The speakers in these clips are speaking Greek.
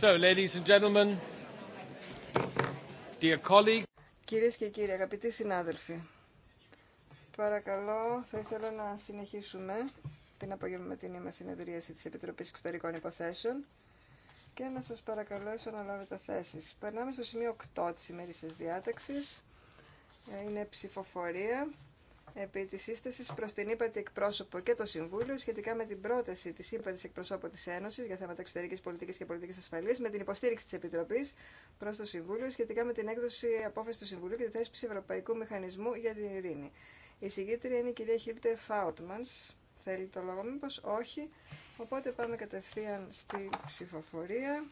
So, ladies and gentlemen, Κυρίες και κύριοι, αγαπητοί συνάδελφοι, παρακαλώ, θα ήθελα να συνεχίσουμε την απογευματινή μας συνεδρίαση της Επιτροπής Εξωτερικών Υποθέσεων και να σας παρακαλέσω να λάβετε θέσεις. Περνάμε στο σημείο 8 της ημέρησης διάταξης. Ε, είναι ψηφοφορία επί τη σύσταση προς την ύπατη εκπρόσωπο και το Συμβούλιο σχετικά με την πρόταση τη ΥΠΑΤΗ εκπροσώπου τη Ένωση για θέματα εξωτερική Πολιτική και πολιτική ασφαλείας με την υποστήριξη τη Επιτροπή προ το Συμβούλιο σχετικά με την έκδοση απόφαση του Συμβουλίου και τη θέσπιση Ευρωπαϊκού Μηχανισμού για την Ειρήνη. Η συγκήτρια είναι η κυρία Χίλτε Φάουτμαν. Θέλει το λόγο μήπω όχι. Οπότε πάμε κατευθείαν στη ψηφοφορία.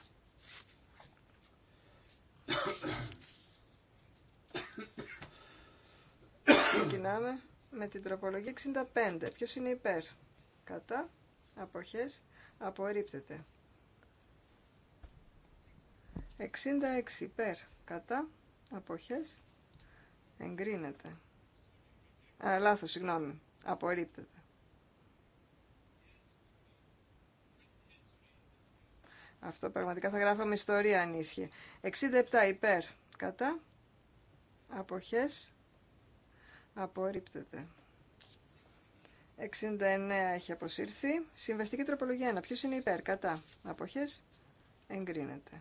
Ξεκινάμε με την τροπολογία 65. Ποιος είναι υπέρ. Κατά. Αποχές. Απορρίπτεται. 66 υπέρ. Κατά. Αποχές. Εγκρίνεται. Α, λάθος, συγγνώμη. Απορρίπτεται. Αυτό πραγματικά θα γράφαμε ιστορία αν ίσχυε. 67 υπέρ. Κατά. Αποχές. Απορρίπτεται. 69 έχει αποσύρθει. Συμβαστική τροπολογία 1. Ποιος είναι υπέρ, κατά. Αποχές. Εγκρίνεται.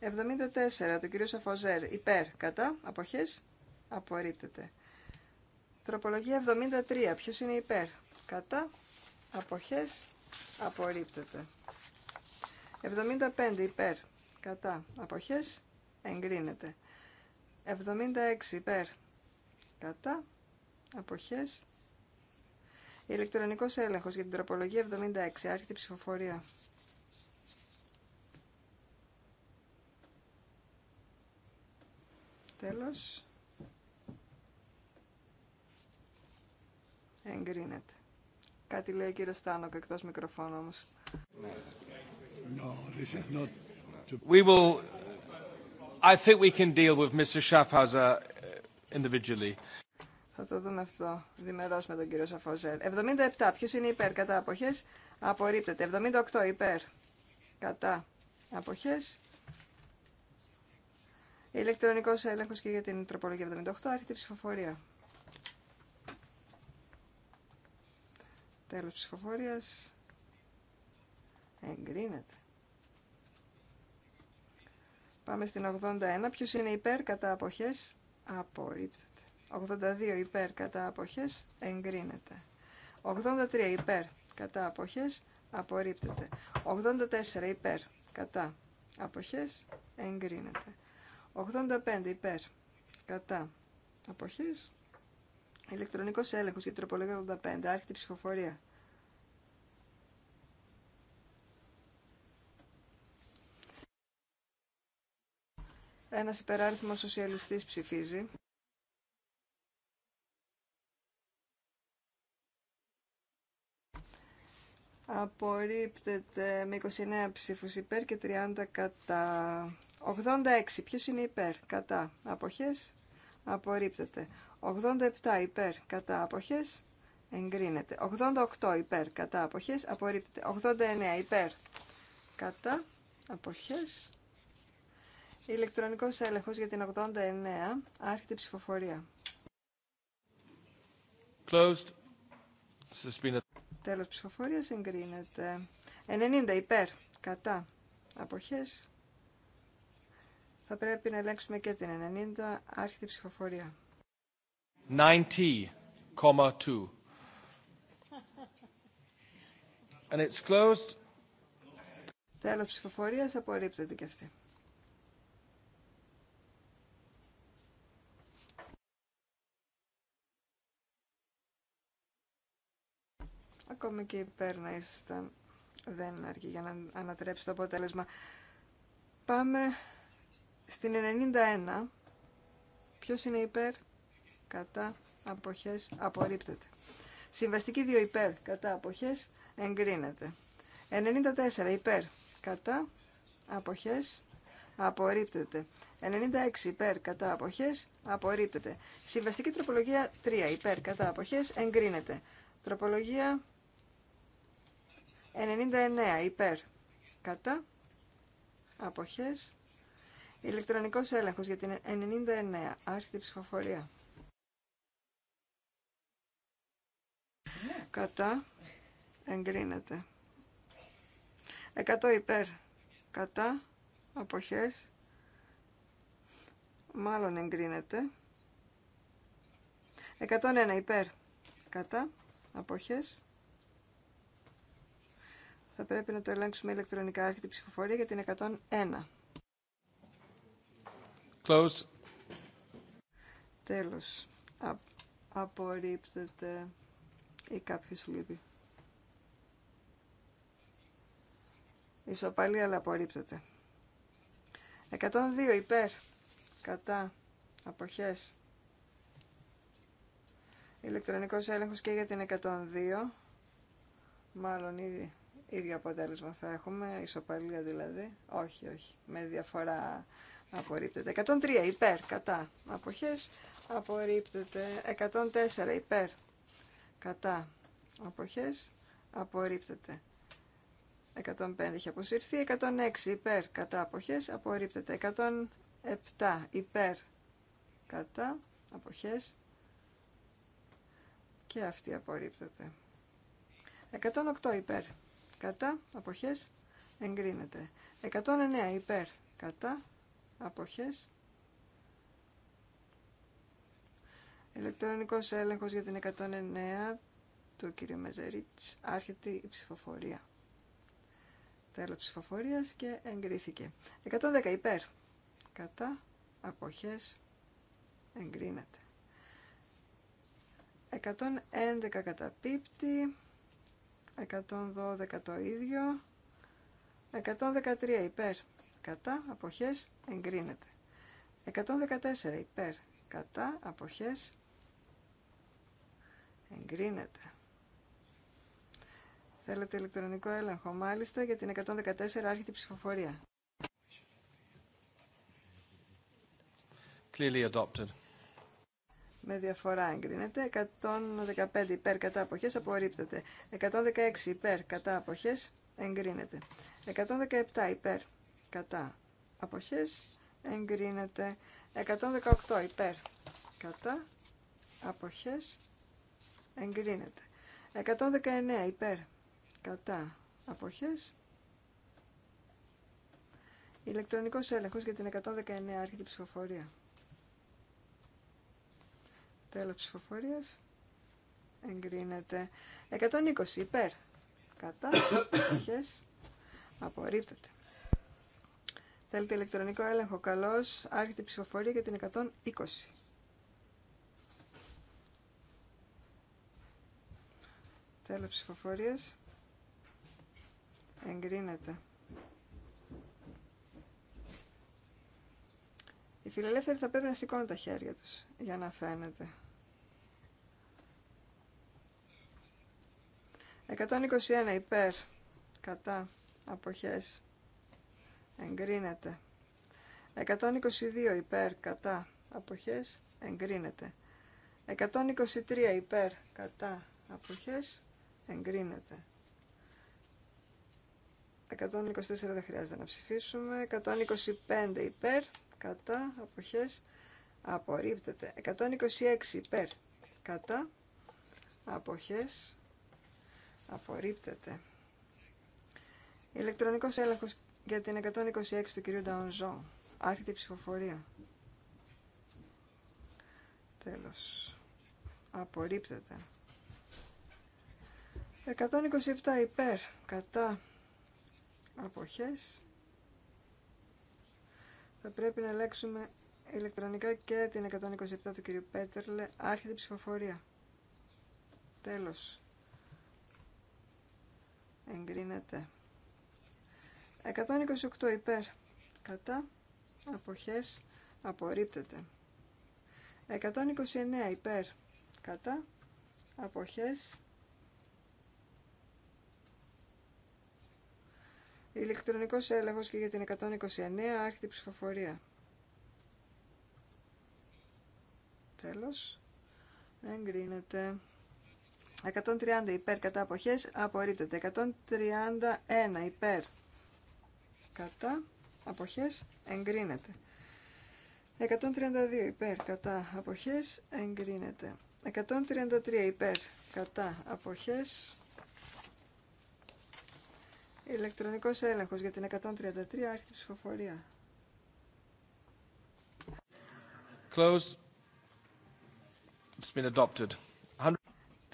74. Το κύριο Σαφοζέρ. Υπέρ, κατά. Αποχές. Απορρίπτεται. Τροπολογία 73. Ποιος είναι υπέρ, κατά. Αποχές. Απορρίπτεται. 75. Υπέρ, κατά. Αποχές. Εγκρίνεται. 76 υπέρ. Κατά. Αποχές. Ηλεκτρονικός έλεγχος για την τροπολογία 76. Άρχεται ψηφοφορία. Τέλος. Εγκρίνεται. Κάτι λέει ο κύριος Στάνοκ εκτός μικροφώνου όμως. No, this is not... We will I think we can deal with Mr. Uh, individually. Θα το δούμε αυτό διμερώς με τον κύριο Σαφόζερ. 77. Ποιος είναι υπέρ κατά αποχές. Απορρίπτεται. 78 υπέρ κατά αποχές. Ηλεκτρονικός έλεγχος και για την τροπολογία 78. Άρχεται η ψηφοφορία. Τέλος ψηφοφορίας. Εγκρίνεται. Πάμε στην 81. Ποιος είναι υπέρ κατά αποχές. Απορρίπτεται. 82 υπέρ κατά αποχές. Εγκρίνεται. 83 υπέρ κατά αποχές. Απορρίπτεται. 84 υπέρ κατά αποχές. Εγκρίνεται. 85 υπέρ κατά αποχές. Ηλεκτρονικός έλεγχος για τροπολογία 85. Άρχεται ψηφοφορία. Ένας υπεράριθμος σοσιαλιστής ψηφίζει. Απορρίπτεται με 29 ψήφους υπέρ και 30 κατά. 86. Ποιος είναι υπέρ, κατά. Αποχές. Απορρίπτεται. 87 υπέρ, κατά. Αποχές. Εγκρίνεται. 88 υπέρ, κατά. Αποχές. Απορρίπτεται. 89 υπέρ, κατά. Αποχές. Ηλεκτρονικός έλεγχος για την 89. Άρχεται ψηφοφορία. Closed. Suspended. Τέλος ψηφοφορίας εγκρίνεται. 90 υπέρ. Κατά. Αποχές. Θα πρέπει να ελέγξουμε και την 90. Άρχεται ψηφοφορία. 90,2. And it's Τέλος ψηφοφορίας απορρίπτεται και αυτή. Ακόμη και υπέρ να δεν αρκεί για να ανατρέψει το αποτέλεσμα. Πάμε στην 91. Ποιος είναι υπέρ, κατά, αποχές, απορρίπτεται. Συμβαστική 2 υπέρ, κατά, αποχές, εγκρίνεται. 94 υπέρ, κατά, αποχές, απορρίπτεται. 96 υπέρ, κατά, αποχές, απορρίπτεται. Συμβαστική τροπολογία 3 υπέρ, κατά, αποχές, εγκρίνεται. Τροπολογία 99 υπέρ κατά αποχές ηλεκτρονικός έλεγχος για την 99 άρχιτη ψηφοφορία κατά εγκρίνεται 100 υπέρ κατά αποχές μάλλον εγκρίνεται 101 υπέρ κατά αποχές θα πρέπει να το ελέγξουμε ηλεκτρονικά άρχιτη ψηφοφορία για την 101. Close. Τέλος. Α, απορρίπτεται ή κάποιος λείπει. Ισοπαλή, αλλά απορρίπτεται. 102 υπέρ. Κατά. Αποχές. Ηλεκτρονικός έλεγχος και για την 102. Μάλλον ήδη ίδιο αποτέλεσμα θα έχουμε, ισοπαλία δηλαδή. Όχι, όχι, με διαφορά απορρίπτεται. 103 υπέρ, κατά. Αποχές απορρίπτεται. 104 υπέρ, κατά. Αποχές απορρίπτεται. 105 έχει αποσυρθεί. 106 υπέρ, κατά. Αποχές απορρίπτεται. 107 υπέρ, κατά. Αποχές και αυτή απορρίπτεται. 108 υπέρ κατά αποχές εγκρίνεται. 109 υπέρ κατά αποχές Ηλεκτρονικός έλεγχος για την 109 του κ. Μεζερίτς άρχεται η ψηφοφορία. Τέλος ψηφοφορίας και εγκρίθηκε. 110 υπέρ. Κατά αποχές εγκρίνεται. 111 καταπίπτει. 112 το ίδιο, 113 υπέρ, κατά, αποχές, εγκρίνεται. 114 υπέρ, κατά, αποχές, εγκρίνεται. Θέλετε ηλεκτρονικό έλεγχο, μάλιστα, για την 114 άρχιτη ψηφοφορία. Clearly adopted με διαφορά εγκρίνεται. 115 υπέρ κατά αποχές απορρίπτεται. 116 υπέρ κατά αποχές εγκρίνεται. 117 υπέρ κατά αποχές εγκρίνεται. 118 υπέρ κατά αποχές εγκρίνεται. 119 υπέρ κατά αποχές ηλεκτρονικός έλεγχος για την 119 άρχη ψηφοφορία. Τέλος ψηφοφορίας. Εγκρίνεται. 120 υπέρ. Κατά. Απορρίπτεται. Θέλετε ηλεκτρονικό έλεγχο. Καλώς. Άρχεται η ψηφοφορία για την 120. Τέλος ψηφοφορίας. Εγκρίνεται. Οι φιλελεύθεροι θα πρέπει να σηκώνουν τα χέρια τους για να φαίνεται. 121 υπέρ κατά αποχές εγκρίνεται 122 υπέρ κατά αποχές εγκρίνεται 123 υπέρ κατά αποχές εγκρίνεται 124 δεν χρειάζεται να ψηφίσουμε 125 υπέρ κατά αποχές απορρίπτεται 126 υπέρ κατά αποχές Απορρίπτεται. Ηλεκτρονικός έλεγχος για την 126 του κυρίου Νταουνζό. Άρχεται η ψηφοφορία. Τέλος. Απορρίπτεται. 127 υπέρ, κατά αποχές. Θα πρέπει να ελέγξουμε ηλεκτρονικά και την 127 του κυρίου Πέτερλε. Άρχεται η ψηφοφορία. Τέλος εγκρίνεται. 128 υπέρ κατά αποχές απορρίπτεται. 129 υπέρ κατά αποχές ηλεκτρονικός έλεγχος και για την 129 άρχιτη ψηφοφορία τέλος εγκρίνεται 130 υπέρ κατά αποχές απορρίπτεται. 131 υπέρ κατά αποχές εγκρίνεται. 132 υπέρ κατά αποχές εγκρίνεται. 133 υπέρ κατά αποχές ηλεκτρονικός έλεγχος για την 133 άρχη ψηφοφορία. Close. It's been adopted.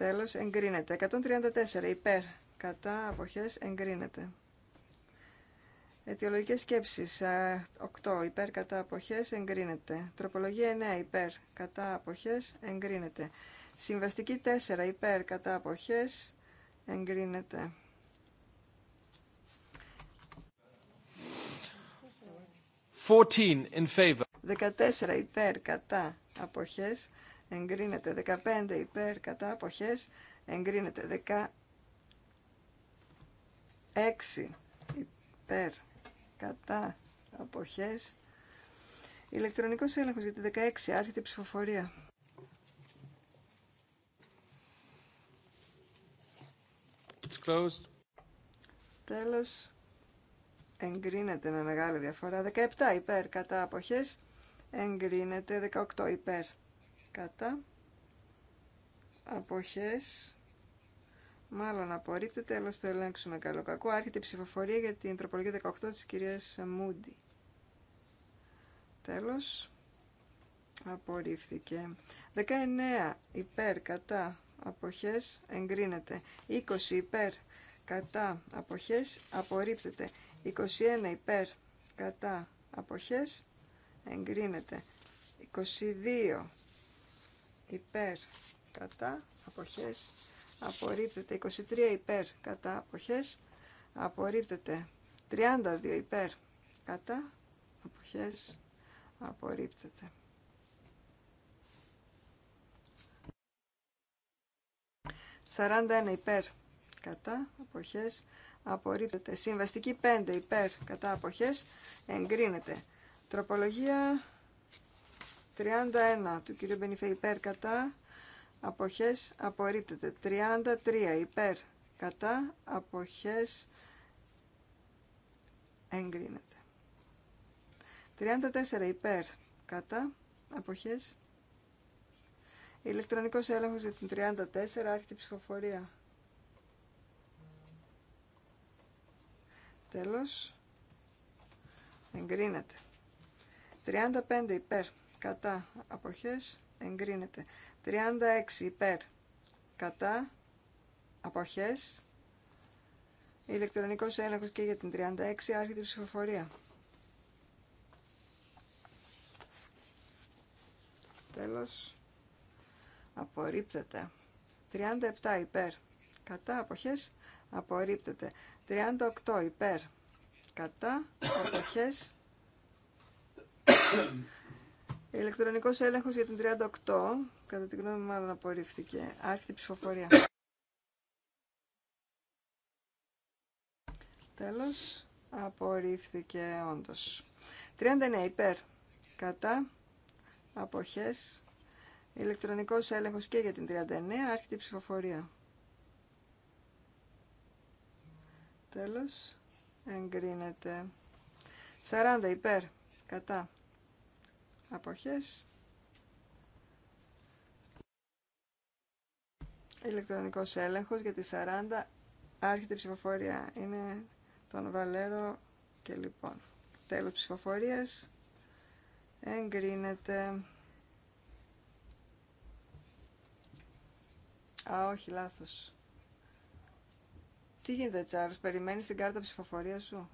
Τέλος, εγκρίνεται. 134, υπέρ. Κατά, αποχές, εγκρίνεται. Αιτιολογικές σκέψεις. 8, υπέρ, κατά, αποχές, εγκρίνεται. Τροπολογία 9, υπέρ, κατά, αποχές, εγκρίνεται. Συμβαστική 4, υπέρ, κατά, αποχές, εγκρίνεται. in 14 υπέρ κατά αποχές εγκρίνεται 15 υπέρ κατά αποχές εγκρίνεται 16 υπέρ κατά αποχές ηλεκτρονικός έλεγχος για τη 16 άρχεται η ψηφοφορία It's closed. Τέλος εγκρίνεται με μεγάλη διαφορά 17 υπέρ κατά αποχές εγκρίνεται 18 υπέρ κατά αποχές μάλλον απορρίπτεται αλλά το ελέγξουμε καλό κακό άρχεται η ψηφοφορία για την τροπολογία 18 της κυρίας Μούντι τέλος απορρίφθηκε 19 υπέρ κατά αποχές εγκρίνεται 20 υπέρ κατά αποχές απορρίπτεται 21 υπέρ κατά αποχές εγκρίνεται 22 υπέρ κατά αποχές απορρίπτεται 23 υπέρ κατά αποχές απορρίπτεται 32 υπέρ κατά αποχές απορρίπτεται Σαράντα υπέρ κατά αποχές απορρίπτεται. Συμβαστική 5 υπέρ κατά αποχές εγκρίνεται. Τροπολογία 31 του κυρίου Μπενιφέ υπέρ κατά αποχές απορρίπτεται. 33 υπέρ κατά αποχές εγκρίνεται. 34 υπέρ κατά αποχές ηλεκτρονικός έλεγχος για την 34 άρχεται ψηφοφορία. Τέλος εγκρίνεται. 35 υπέρ κατά αποχές εγκρίνεται. 36 υπέρ κατά αποχές ηλεκτρονικός έλεγχος και για την 36 άρχεται η ψηφοφορία. Τέλος απορρίπτεται. 37 υπέρ κατά αποχές απορρίπτεται. 38 υπέρ κατά αποχές Ηλεκτρονικός έλεγχος για την 38, κατά την γνώμη μάλλον απορρίφθηκε. Άρχεται ψηφοφορία. Τέλος, απορρίφθηκε όντως. 39 υπέρ, κατά, αποχές, ηλεκτρονικός έλεγχος και για την 39, άρχεται ψηφοφορία. Τέλος, εγκρίνεται. 40 υπέρ, κατά, αποχές ηλεκτρονικός έλεγχος για τη 40 άρχεται η ψηφοφορία είναι τον Βαλέρο και λοιπόν τέλος ψηφοφορίας εγκρίνεται α όχι λάθος τι γίνεται Τσάρλς περιμένεις την κάρτα ψηφοφορία σου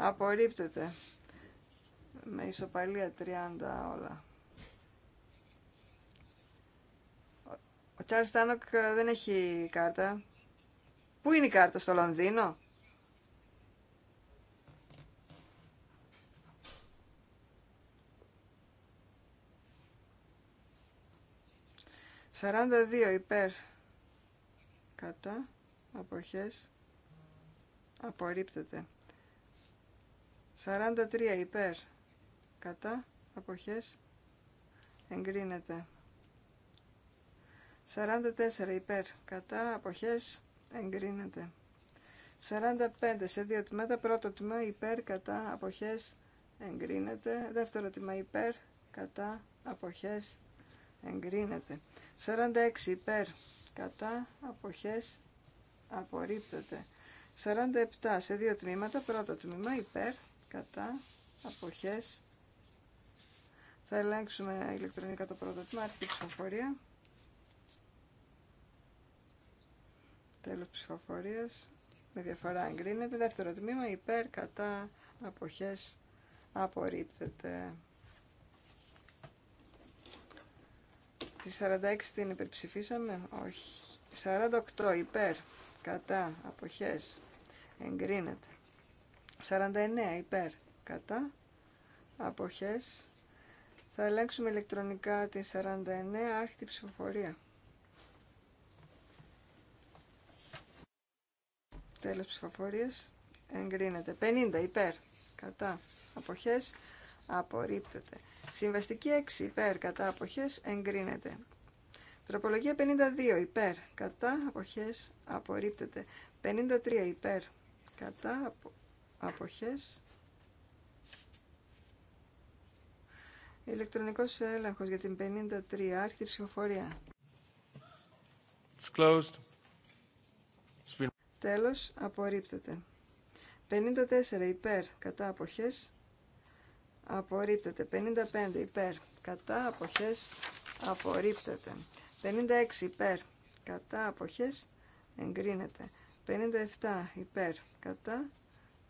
Απορρίπτεται. Με ισοπαλία 30 όλα. Ο Τσάρλς Τάνοκ ε, δεν έχει κάρτα. Πού είναι η κάρτα, στο Λονδίνο? Σαράντα δύο υπέρ κατά αποχές απορρίπτεται. 43 υπέρ κατά αποχές εγκρίνεται 44 υπέρ κατά αποχές εγκρίνεται 45 σε δύο τμήματα πρώτο τμήμα υπέρ κατά αποχές εγκρίνεται δεύτερο τμήμα υπέρ κατά αποχές εγκρίνεται 46 υπέρ κατά αποχές απορρίπτεται 47 σε δύο τμήματα πρώτο τμήμα υπέρ κατά, αποχές. Θα ελέγξουμε ηλεκτρονικά το πρώτο τμήμα, αρχή ψηφοφορία. Τέλος ψηφοφορίας, με διαφορά εγκρίνεται. Δεύτερο τμήμα, υπέρ, κατά, αποχές, απορρίπτεται. Τη 46 την υπερψηφίσαμε, όχι. 48 υπέρ, κατά, αποχές, εγκρίνεται. 49 υπέρ κατά αποχές θα ελέγξουμε ηλεκτρονικά την 49 άρχιτη ψηφοφορία τέλος ψηφοφορίας εγκρίνεται 50 υπέρ κατά αποχές απορρίπτεται συμβαστική 6 υπέρ κατά αποχές εγκρίνεται Τροπολογία 52 υπέρ, κατά, αποχές, απορρίπτεται. 53 υπέρ, κατά, αποχές. Ηλεκτρονικός έλεγχος για την 53, άρχιτη ψηφοφορία. Τέλος, απορρίπτεται. 54 υπέρ, κατά αποχές. Απορρίπτεται. 55 υπέρ, κατά αποχές. Απορρίπτεται. 56 υπέρ, κατά αποχές. Εγκρίνεται. 57 υπέρ, κατά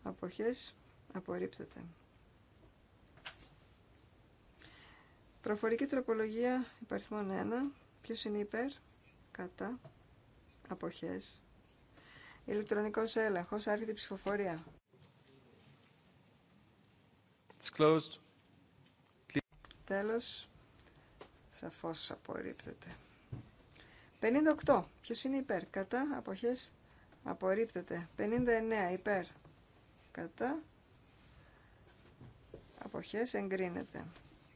αποχές απορρίπτεται. Προφορική τροπολογία υπαριθμών 1. Ποιος είναι υπέρ, κατά, αποχές. Ηλεκτρονικός έλεγχος, άρχεται ψηφοφορία. It's closed. Τέλος, σαφώς απορρίπτεται. 58. Ποιος είναι υπέρ, κατά, αποχές, απορρίπτεται. 59. Υπέρ, κατά αποχές εγκρίνεται.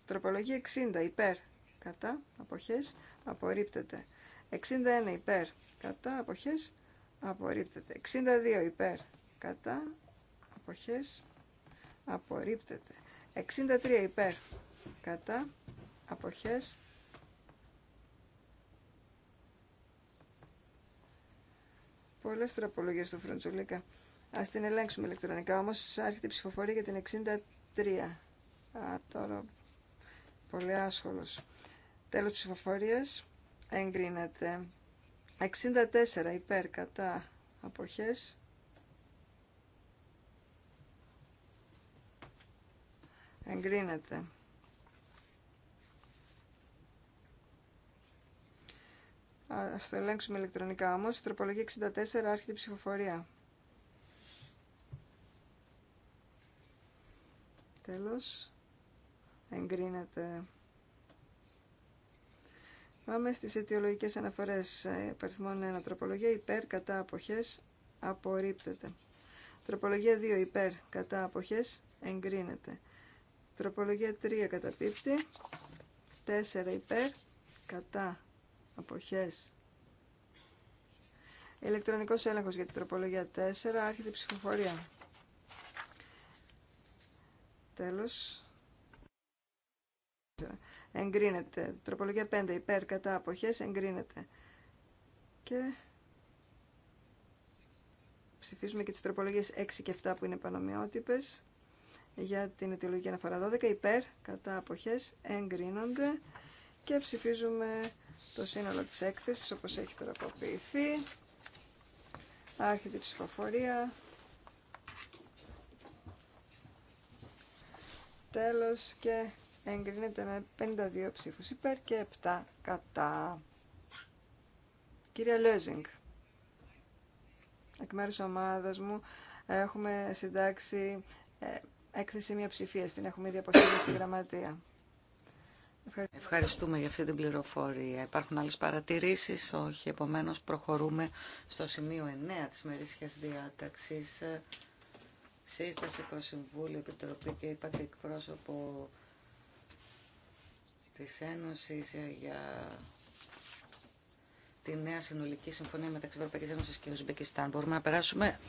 Τροπολογία 60 υπέρ κατά αποχές απορρίπτεται. 61 υπέρ κατά αποχές απορρίπτεται. 62 υπέρ κατά αποχές απορρίπτεται. 63 υπέρ κατά αποχές Πολλές τροπολογίες του Φροντζουλίκα. Α την ελέγξουμε ηλεκτρονικά, όμω άρχεται η ψηφοφορία για την 63. Α, τώρα πολύ άσχολος. Τέλος ψηφοφορίας, εγκρίνεται. 64 υπέρ κατά αποχές. Εγκρίνεται. Ας το ελέγξουμε ηλεκτρονικά όμως. Τροπολογία 64, άρχεται η ψηφοφορία. Τέλος. Εγκρίνεται. Πάμε στις αιτιολογικές αναφορές. Υπαριθμόν 1. Τροπολογία υπέρ κατά αποχές απορρίπτεται. Τροπολογία 2. Υπέρ κατά αποχές εγκρίνεται. Τροπολογία 3. Καταπίπτει. 4. Υπέρ κατά αποχές. Ηλεκτρονικός έλεγχος για την τροπολογία 4. Άρχεται η ψηφοφορία. Τέλος. Εγκρίνεται. Τροπολογία 5. Υπέρ κατά αποχές. Εγκρίνεται. Και ψηφίζουμε και τις τροπολογίες 6 και 7 που είναι πανομοιότυπες. Για την αιτιολογική αναφορά 12. Υπέρ κατά αποχές. Εγκρίνονται. Και ψηφίζουμε το σύνολο της έκθεσης όπως έχει τροποποιηθεί. Άρχεται η ψηφοφορία. Τέλος και εγκρίνεται με 52 ψήφους υπέρ και 7 κατά. Κυρία Λέζινγκ, εκ μέρους ομάδας μου έχουμε συντάξει ε, έκθεση μια ψηφία. Την έχουμε ήδη αποστείλει στη γραμματεία. Ευχαριστούμε. για αυτή την πληροφορία. Υπάρχουν άλλες παρατηρήσεις. Όχι, επομένως προχωρούμε στο σημείο 9 της μερίσιας διάταξης σύσταση προς Συμβούλιο, Επιτροπή και είπατε εκπρόσωπο της Ένωσης για τη νέα συνολική συμφωνία μεταξύ Ευρωπαϊκής Ένωσης και Ουσμπεκιστάν. Μπορούμε να περάσουμε,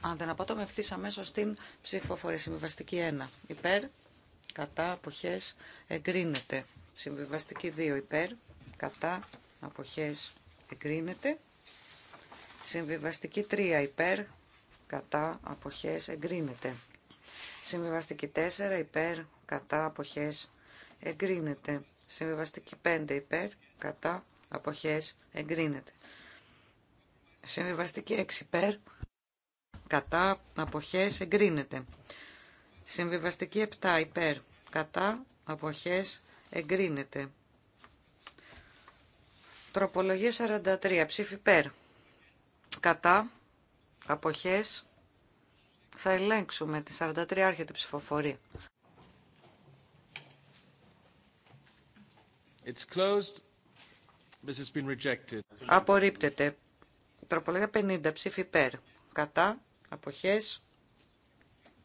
αν δεν απατώμε ευθύς αμέσω στην ψηφοφορία. Συμβιβαστική 1. Υπέρ, κατά, αποχές, εγκρίνεται. Συμβιβαστική 2. Υπέρ, κατά, αποχές, εγκρίνεται. Συμβιβαστική 3. Υπέρ, κατά αποχές εγκρίνεται. Συμβιβαστική 4 υπέρ κατά αποχές εγκρίνεται. Συμβιβαστική 5 υπέρ κατά αποχές εγκρίνεται. Συμβιβαστική 6 υπέρ κατά αποχές εγκρίνεται. Συμβιβαστική 7 υπέρ κατά αποχές εγκρίνεται. Τροπολογία 43 ψήφι υπέρ κατά αποχές θα ελέγξουμε τη 43 άρχεται ψηφοφορία. It's closed. This has been rejected. Απορρίπτεται. Τροπολογία 50 ψήφι υπέρ. Κατά αποχές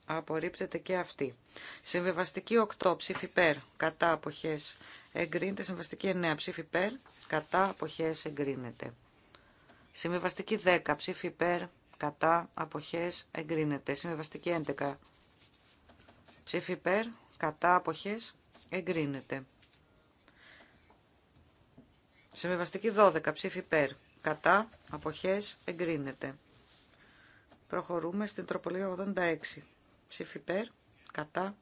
απορρίπτεται και αυτή. Συμβιβαστική 8 ψήφι υπέρ. Κατά αποχές εγκρίνεται. Συμβαστική 9 ψήφι υπέρ. Κατά αποχές εγκρίνεται. Συμβιβαστική 10 ψήφι υπέρ κατά αποχές εγκρίνεται. Συμβαστική 11 ψήφι υπέρ κατά αποχές εγκρίνεται. Συμβεβαστική 12 ψήφι υπέρ κατά αποχές εγκρίνεται. Προχωρούμε στην τροπολογία 86 ψήφι υπέρ κατά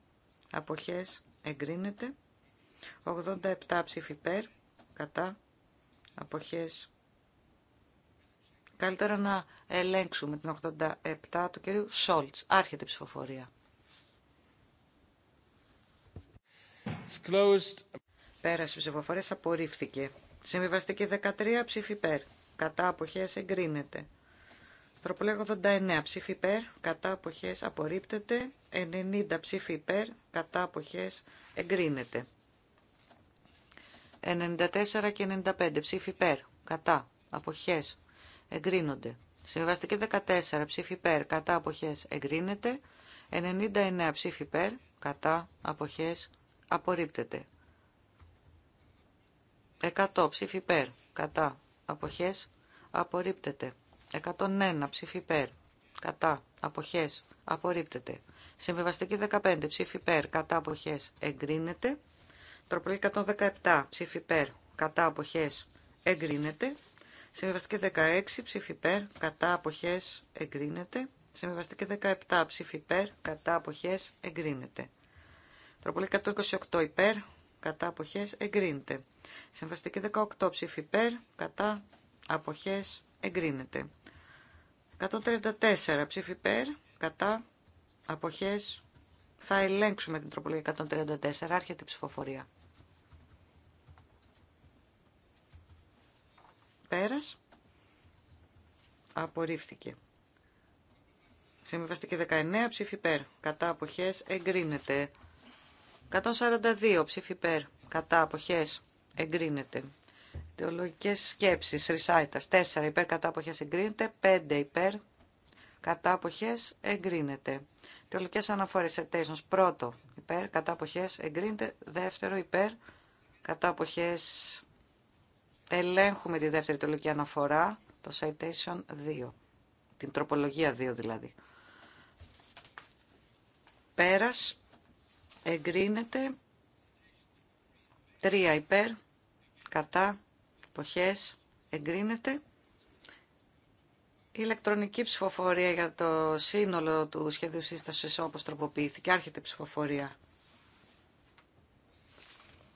αποχές εγκρίνεται. 87 ψήφι υπέρ κατά αποχές Καλύτερα να ελέγξουμε την 87 του κυρίου Σόλτς. Άρχεται η ψηφοφορία. Πέρασε ψηφοφορία, απορρίφθηκε. Συμβιβαστική 13, ψήφι υπέρ. Κατά αποχές εγκρίνεται. Τροπολέγω 89 ψήφι υπέρ, κατά αποχές απορρίπτεται. 90 ψήφι υπέρ, κατά αποχές εγκρίνεται. 94 και 95 ψήφι υπέρ, κατά αποχές εγκρίνονται. Συμβαστική 14 ψήφι υπέρ κατά αποχές εγκρίνεται. 99 ψήφι υπέρ κατά αποχές απορρίπτεται. 100 ψήφι υπέρ κατά αποχές απορρίπτεται. 101 ψήφι υπέρ κατά αποχές απορρίπτεται. Συμβιβαστική 15 ψήφι υπέρ κατά αποχές εγκρίνεται. Τροπολή 117 ψήφι υπέρ κατά αποχές εγκρίνεται. Συμβιβαστική 16 ψήφι υπέρ, κατά αποχές εγκρίνεται. Συμβιβαστική 17 ψήφι υπέρ, κατά αποχές εγκρίνεται. Τροπολή 128 υπέρ, κατά αποχές εγκρίνεται. Συμβαστική 18 ψήφι κατά αποχές εγκρίνεται. 134 ψήφι υπέρ, κατά αποχές θα ελέγξουμε την τροπολογία 134, άρχεται η ψηφοφορία. Πέρας. Απορρίφθηκε. Συμβιβαστική 19 ψήφι υπέρ. Κατά αποχές εγκρίνεται. 142 ψήφι υπέρ. Κατά αποχές εγκρίνεται. Θεολογικές σκέψεις, ρισάιτας. 4 υπέρ κατά αποχές εγκρίνεται. 5 υπέρ κατά αποχές εγκρίνεται. Θεολογικές αναφορές ετέσνος. Πρώτο υπέρ κατά αποχές εγκρίνεται. Δεύτερο υπέρ κατά αποχές Ελέγχουμε τη δεύτερη τελική αναφορά, το citation 2, την τροπολογία 2 δηλαδή. Πέρας, εγκρίνεται, τρία υπέρ, κατά, εποχές, εγκρίνεται. Η ηλεκτρονική ψηφοφορία για το σύνολο του σχεδίου σύστασης όπως τροποποιήθηκε, άρχεται η ψηφοφορία.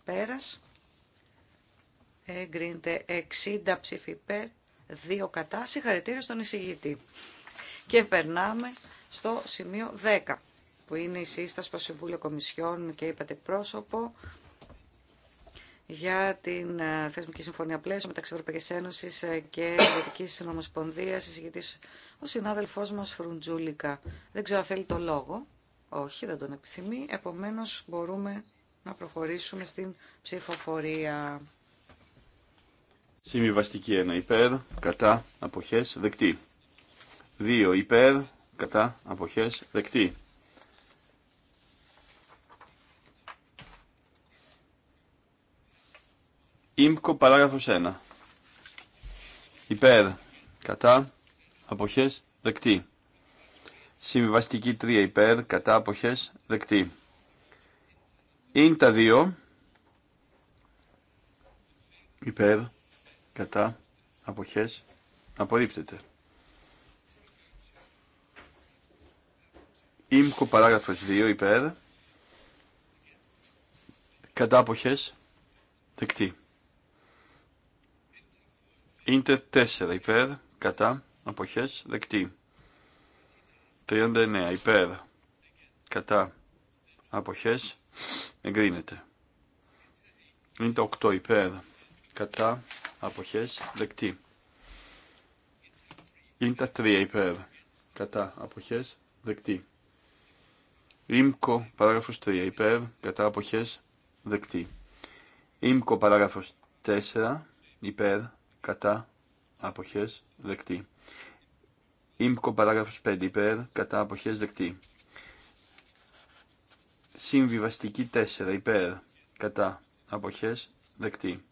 Πέρας. Εγκρίνεται 60 ψήφι υπέρ, 2 κατά. Συγχαρητήρια στον εισηγητή. Και περνάμε στο σημείο 10, που είναι η σύσταση προς Συμβούλιο Κομισιών και είπατε πρόσωπο για την ε, θεσμική συμφωνία πλαίσιο μεταξύ Ευρωπαϊκής Ένωση ε, και Δυτική Συνομοσπονδίας. εισηγητής ο συνάδελφό μα Φρουντζούλικα. Δεν ξέρω αν θέλει το λόγο. Όχι, δεν τον επιθυμεί. Επομένως, μπορούμε να προχωρήσουμε στην ψηφοφορία. Συμβιβαστική 1 υπέρ, κατά, αποχές, δεκτή. 2 υπέρ, κατά, αποχές, δεκτή. ΥΜΚΟ παράγραφος 1. Υπέρ, κατά, αποχές, δεκτή. Συμβιβαστική 3 υπέρ, κατά, αποχές, δεκτή. Είναι τα 2. Υπέρ, κατά αποχές απορρίπτεται. Ήμκο παράγραφος 2 υπέρ κατά αποχές δεκτή. Ήντε 4 υπέρ κατά αποχές δεκτή. 39 υπέρ κατά αποχές εγκρίνεται. Ίντε 8 υπέρ κατά αποχές δεκτή. Είναι τα 3 υπέρ κατά αποχές δεκτή. Ήμκο παράγραφος 3 υπέρ κατά αποχές δεκτή. Ήμκο παράγραφος 4 υπέρ κατά αποχές δεκτή. Ήμκο παράγραφος 5 υπέρ κατά αποχές δεκτή. Συμβιβαστική 4 υπέρ κατά αποχές δεκτή.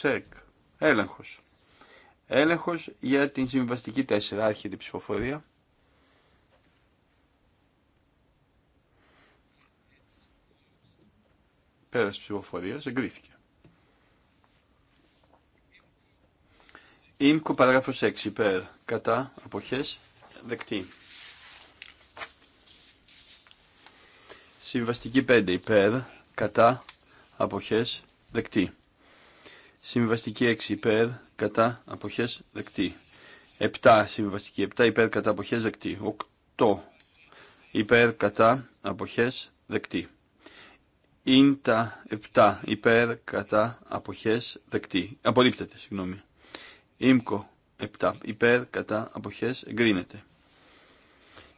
Τσεκ. Έλεγχο Έλεγχος για την συμβαστική 4. Άρχεται η ψηφοφορία. Πέρας ψηφοφορία, Εγκρίθηκε. Ήμκο παράγραφος 6 υπέρ κατά αποχές δεκτή. Συμβαστική 5 υπέρ κατά αποχές δεκτή. Συμβαστική 6 υπέρ κατά αποχές δεκτή. 7 συμβαστική 7 υπέρ κατά αποχές δεκτή. 8 υπέρ κατά αποχές δεκτή. Ίντα 7 υπέρ κατά αποχές δεκτή. Απορρίπτεται, συγγνώμη. Ήμκο 7 υπέρ κατά αποχές εγκρίνεται.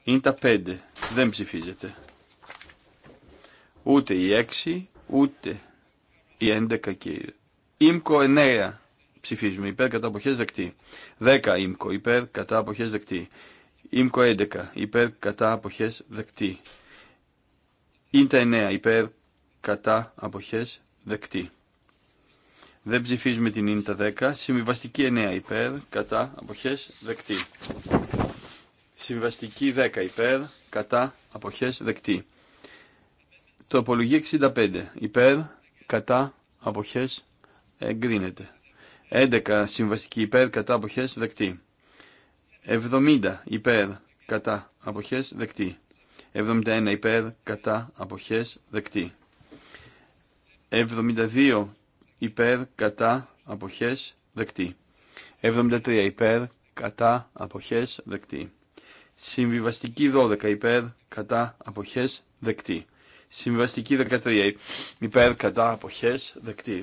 Ίντα 5 δεν ψηφίζεται. Ούτε η 6 ούτε η 11 και η Ήμκο 9 ψηφίζουμε υπέρ κατά αποχές δεκτή. 10 Ήμκο υπέρ κατά αποχές δεκτή. Ήμκο 11 υπέρ κατά αποχές δεκτή. Ήμτα 9 υπέρ κατά αποχές δεκτή. Δεν ψηφίζουμε την τα 10. Συμβιβαστική 9 υπέρ, κατά, αποχές, δεκτή. Συμβιβαστική 10 υπέρ, κατά, αποχές, δεκτή. Τοπολογία 65 υπέρ, κατά, αποχές, εγκρίνεται. 11 συμβαστική υπέρ κατά αποχές δεκτή. 70 υπέρ κατά αποχές δεκτή. 71 υπέρ κατά αποχές δεκτή. 72 υπέρ κατά αποχές δεκτή. 73 υπέρ κατά αποχές δεκτή. Συμβιβαστική 12 υπέρ κατά αποχές δεκτή. συμβαστική 13 υπέρ κατά αποχές δεκτή.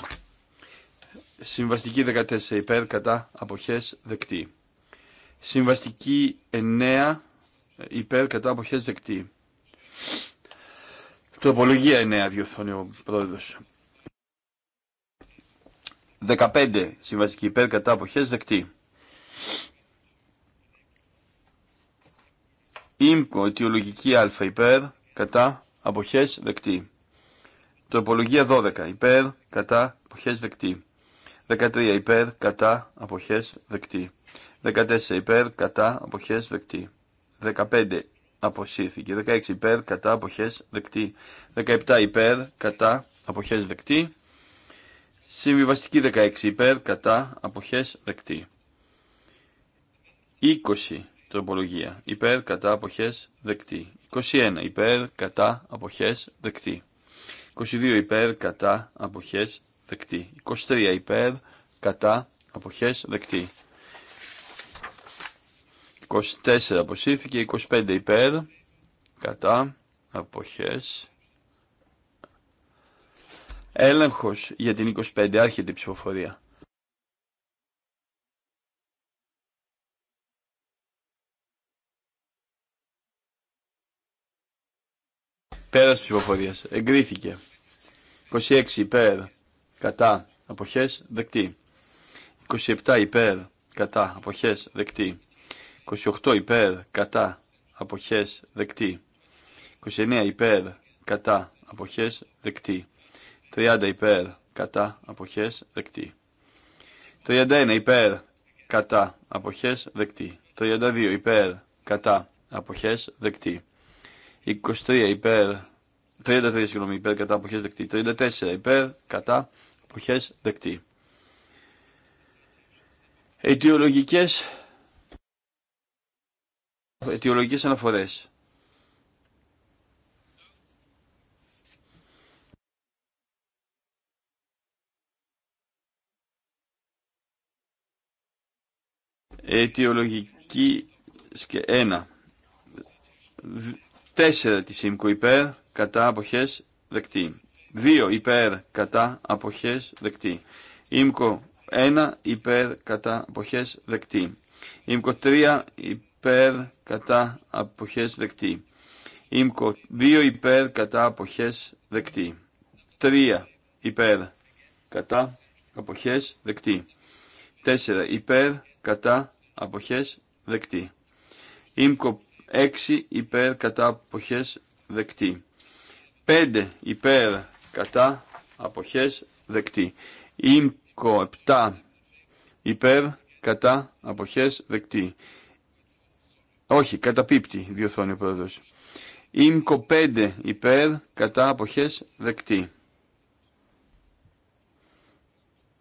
Συμβαστική 14 υπέρ κατά αποχές δεκτή. Συμβαστική 9 υπέρ κατά αποχές δεκτή. Τροπολογία 9 διορθώνει ο πρόεδρος. 15 συμβαστική υπέρ κατά αποχές δεκτή. Ήμκο αιτιολογική α υπέρ κατά αποχές δεκτή. Τροπολογία 12 υπέρ κατά αποχές δεκτή. 13 υπέρ, κατά, αποχές, δεκτή. 14 υπέρ, κατά, αποχές, δεκτή. 15 αποσύρθηκε. 16 υπέρ, κατά, αποχές, δεκτή. 17 υπέρ, κατά, αποχές, δεκτή. Συμβιβαστική 16 υπέρ, κατά, αποχές, δεκτή. 20 τροπολογία. Υπέρ, κατά, αποχές, δεκτή. 21 υπέρ, κατά, αποχές, δεκτή. 22 υπέρ, κατά, αποχές, δεκτή. 23 υπέρ, κατά, αποχές, δεκτή. 24 αποσύρθηκε, 25 υπέρ, κατά, αποχές. Έλεγχος για την 25, άρχεται η ψηφοφορία. Πέρας ψηφοφορίας, εγκρίθηκε. 26 υπέρ κατά αποχές δεκτή. 27 υπέρ κατά αποχές δεκτή. 28 υπέρ κατά αποχές δεκτή. 29 υπέρ κατά αποχές δεκτή. 30 υπέρ κατά αποχές δεκτή. 31 υπέρ κατά αποχές δεκτή. 32 υπέρ κατά αποχές δεκτή. 23 υπέρ 33 συγγνώμη υπέρ κατά αποχές δεκτή. 34 υπέρ κατά Αποχές δεκτή. Αιτιολογικές, αιτιολογικές αναφορές. Αιτιολογική 1. 4 της ΣΥΜΚΟ υπέρ κατά αποχές δεκτή. 2 υπέρ κατά αποχές δεκτή. Ήμκο 1 υπέρ κατά αποχές δεκτή. Ήμκο 3 υπέρ κατά αποχές δεκτή. Ήμκο 2 υπέρ κατά αποχές δεκτή. 3 υπέρ κατά αποχές δεκτή. 4 υπέρ κατά αποχές δεκτή. Ήμκο 6 υπέρ κατά αποχές δεκτή. 5 υπέρ κατά αποχές δεκτή. Ήμκο 7 υπέρ κατά αποχές δεκτή. Όχι, πίπτη διορθώνει ο πρόεδρος. Ήμκο 5 υπέρ κατά αποχές δεκτή.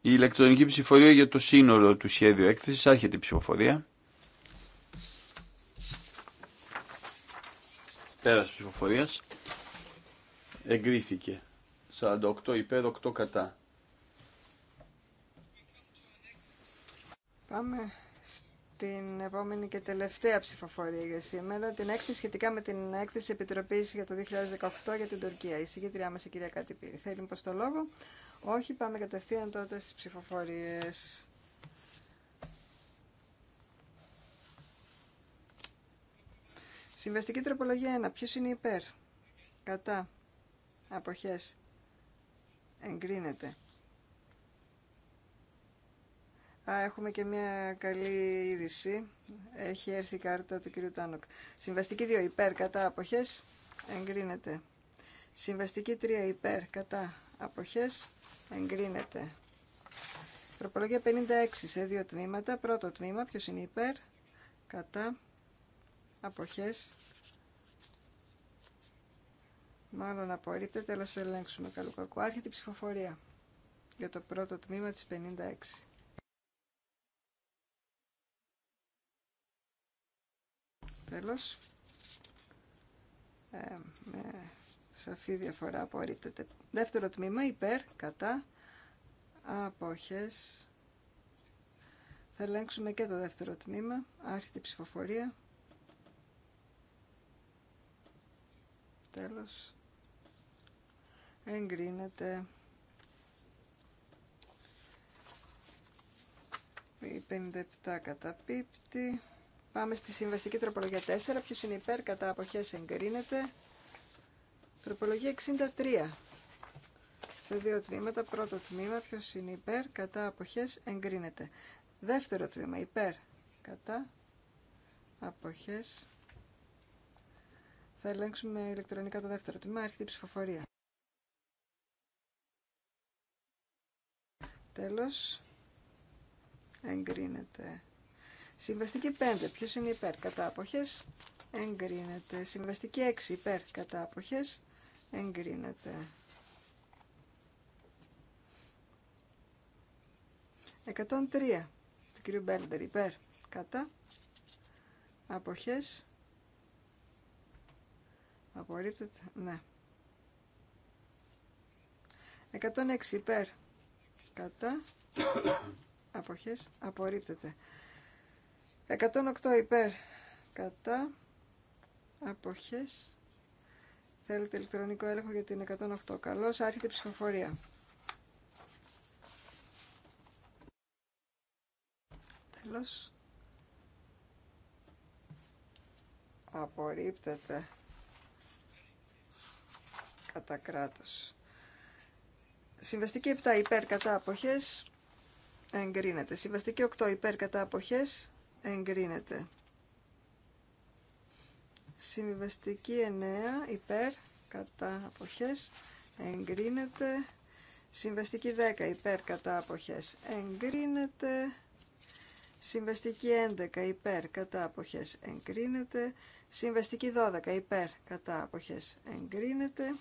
Η ηλεκτρονική ψηφοφορία για το σύνολο του σχέδιου έκθεσης άρχεται η ψηφοφορία. Πέρας ψηφοφορίας εγκρίθηκε. 48 υπέρ, 8 κατά. Πάμε στην επόμενη και τελευταία ψηφοφορία για σήμερα, την έκθεση σχετικά με την έκθεση Επιτροπής για το 2018 για την Τουρκία. Η συγκεκριά μας η κυρία Κατυπήρη. Θέλει πω το λόγο. Όχι, πάμε κατευθείαν τότε στις ψηφοφορίες. Συμβαστική τροπολογία 1. Ποιος είναι υπέρ. Κατά. Αποχές εγκρίνεται. Α, έχουμε και μια καλή είδηση. Έχει έρθει η κάρτα του κύριου Τάνοκ. Συμβαστική 2 υπέρ κατά αποχές εγκρίνεται. Συμβαστική 3 υπέρ κατά αποχές εγκρίνεται. Τροπολογία 56 σε δύο τμήματα. Πρώτο τμήμα, ποιος είναι υπέρ, κατά, αποχές, Μάλλον απορρίπτεται, αλλά θα ελέγξουμε καλού κακού. Άρχεται η ψηφοφορία για το πρώτο τμήμα της 56. Τέλος. Ε, με σαφή διαφορά απορρίπτεται. Δεύτερο τμήμα, υπέρ, κατά, απόχες. Θα ελέγξουμε και το δεύτερο τμήμα, άρχεται η ψηφοφορία. Τέλος εγκρίνεται η 57 καταπίπτει πάμε στη συμβαστική τροπολογία 4 ποιος είναι υπέρ κατά αποχές εγκρίνεται τροπολογία 63 σε δύο τμήματα πρώτο τμήμα ποιος είναι υπέρ κατά αποχές εγκρίνεται δεύτερο τμήμα υπέρ κατά αποχές θα ελέγξουμε ηλεκτρονικά το δεύτερο τμήμα έρχεται η ψηφοφορία Τέλος. Εγκρίνεται. Συμβαστική 5. Ποιος είναι υπέρ κατά αποχές. Εγκρίνεται. Συμβαστική 6. Υπέρ κατά αποχές. Εγκρίνεται. 103 του κύριο Μπέλντερ υπέρ κατά αποχές απορρίπτεται ναι 106 υπέρ Κατά. Αποχές. Απορρίπτεται. 108 υπέρ. Κατά. Αποχές. Θέλετε ηλεκτρονικό έλεγχο για την 108. Καλώς. Άρχεται η ψηφοφορία. Τέλος. Απορρίπτεται. Κατά κράτος. Συμβαστική 7 υπέρ κατά αποχές εγκρίνεται. Συμβαστική 8 υπέρ κατά αποχές εγκρίνεται. Συμβαστική 9 υπέρ κατά αποχές εγκρίνεται. Συμβαστική 10 υπέρ κατά αποχές εγκρίνεται. Συμβαστική 11 υπέρ κατά αποχές εγκρίνεται. Συμβαστική 12 υπέρ κατά αποχές εγκρίνεται.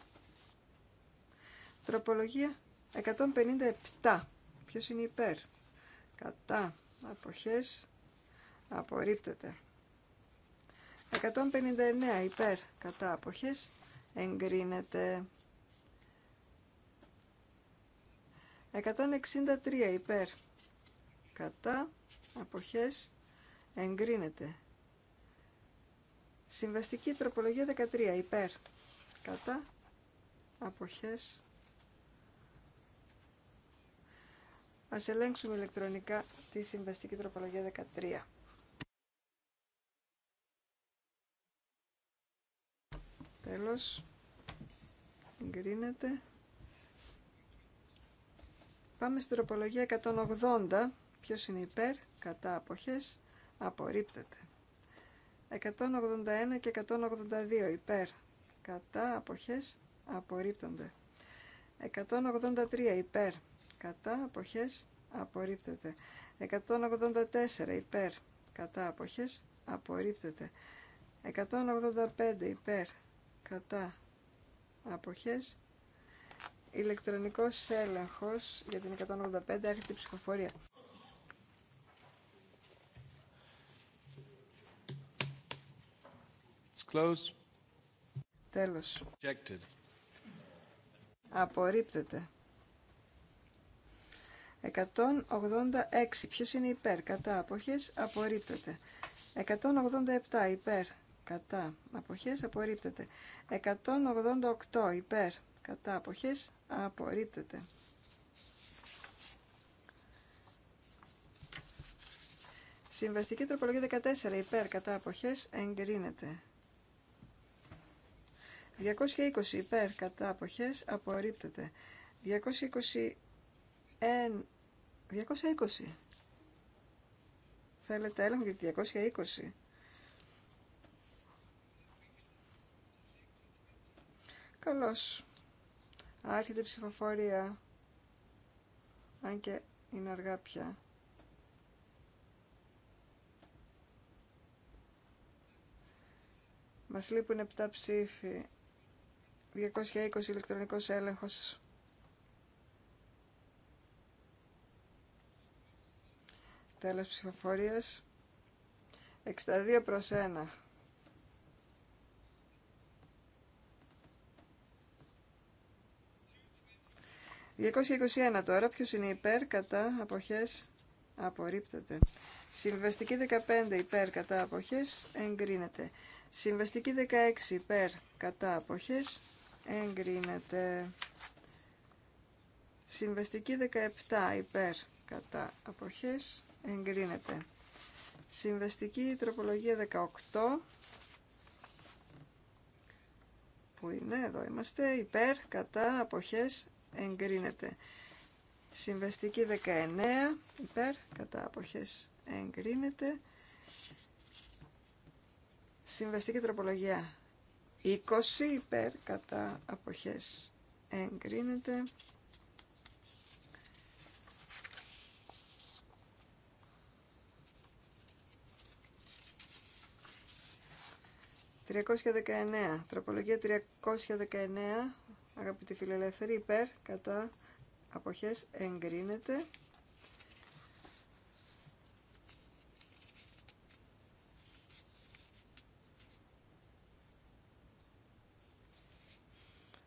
Τροπολογία 157. Ποιος είναι υπέρ. Κατά. Αποχές. Απορρίπτεται. 159. Υπέρ. Κατά. Αποχές. Εγκρίνεται. 163. Υπέρ. Κατά. Αποχές. Εγκρίνεται. Συμβαστική τροπολογία 13. Υπέρ. Κατά. Αποχές Ας ελέγξουμε ηλεκτρονικά τη συμβαστική τροπολογία 13. Τέλος. Εγκρίνεται. Πάμε στην τροπολογία 180. Ποιος είναι υπέρ, κατά αποχές, απορρίπτεται. 181 και 182 υπέρ, κατά αποχές, απορρίπτονται. 183 υπέρ, κατά αποχές απορρίπτεται. 184 υπέρ κατά αποχές απορρίπτεται. 185 υπέρ κατά αποχές ηλεκτρονικός έλεγχος για την 185 έρχεται η ψηφοφορία. It's closed. Τέλος. Rejected. Απορρίπτεται. 186. Ποιος είναι υπέρ, κατά, αποχές, απορρίπτεται. 187 υπέρ, κατά, αποχές, απορρίπτεται. 188 υπέρ, κατά, αποχές, απορρίπτεται. Συμβαστική τροπολογία 14 υπέρ κατά αποχές εγκρίνεται. 220 υπέρ κατά αποχές απορρίπτεται. 220. Θέλετε έλεγχο για 220. Καλώς. Άρχεται η ψηφοφορία. Αν και είναι αργά πια. Μας λείπουν 7 ψήφοι. 220 ηλεκτρονικός έλεγχος. Τέλος ψηφοφορίας. 62 προς 1. ...221 τώρα, ποιος είναι υπέρ, κατά, αποχές, απορρίπτεται. Συμβαστική 15 υπέρ, κατά, αποχές, εγκρίνεται. Συμβαστική 16 υπέρ, κατά, αποχές, εγκρίνεται. Συμβαστική 17 υπέρ, κατά, αποχές, εγκρίνεται. Συμβαστική τροπολογία 18 που είναι, εδώ είμαστε, υπέρ, κατά, αποχές, εγκρίνεται. Συμβεστική 19, υπέρ, κατά, αποχές, εγκρίνεται. Συμβεστική τροπολογία 20, υπέρ, κατά, αποχές, εγκρίνεται. 319. Τροπολογία 319. Αγαπητοί φιλελεύθεροι, υπέρ, κατά, αποχές, εγκρίνεται.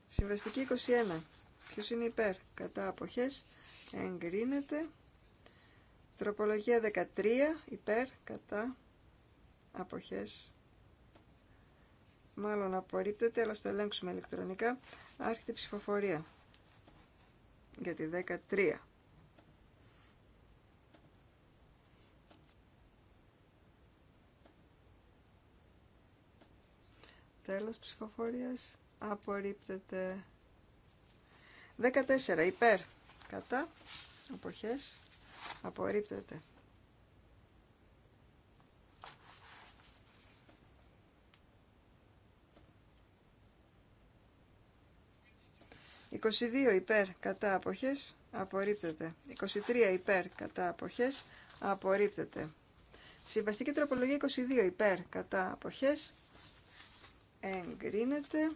Συμβαστική 21. Ποιος είναι υπέρ, κατά, αποχές, εγκρίνεται. Τροπολογία 13. Υπέρ, κατά, αποχές, Μάλλον απορρίπτεται, αλλά στο ελέγξουμε ηλεκτρονικά. Άρχεται η ψηφοφορία για τη 13. Τέλος ψηφοφορίας. Απορρίπτεται. 14. Υπέρ. Κατά. Αποχές. Απορρίπτεται. 22 υπέρ κατά αποχές απορρίπτεται. 23 υπέρ κατά αποχές απορρίπτεται. Συμβαστική τροπολογία 22 υπέρ κατά αποχές εγκρίνεται.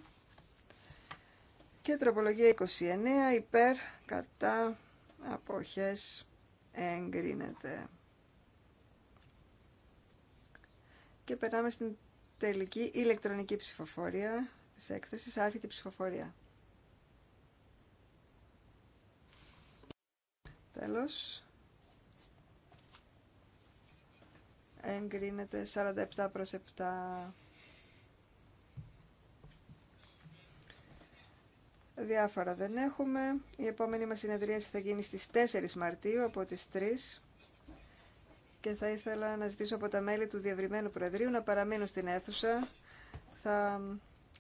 Και τροπολογία 29 υπέρ κατά αποχές εγκρίνεται. Και περνάμε στην τελική ηλεκτρονική ψηφοφορία της έκθεσης, άρχιτη ψηφοφορία. Τέλος. Εγκρίνεται 47 προς 7. Διάφορα δεν έχουμε. Η επόμενη μας συνεδρίαση θα γίνει στις 4 Μαρτίου από τις 3 και θα ήθελα να ζητήσω από τα μέλη του Διευρυμένου Προεδρείου να παραμείνουν στην αίθουσα. Θα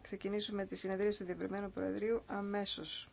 ξεκινήσουμε τη συνεδρίαση του Διευρυμένου Προεδρείου αμέσως.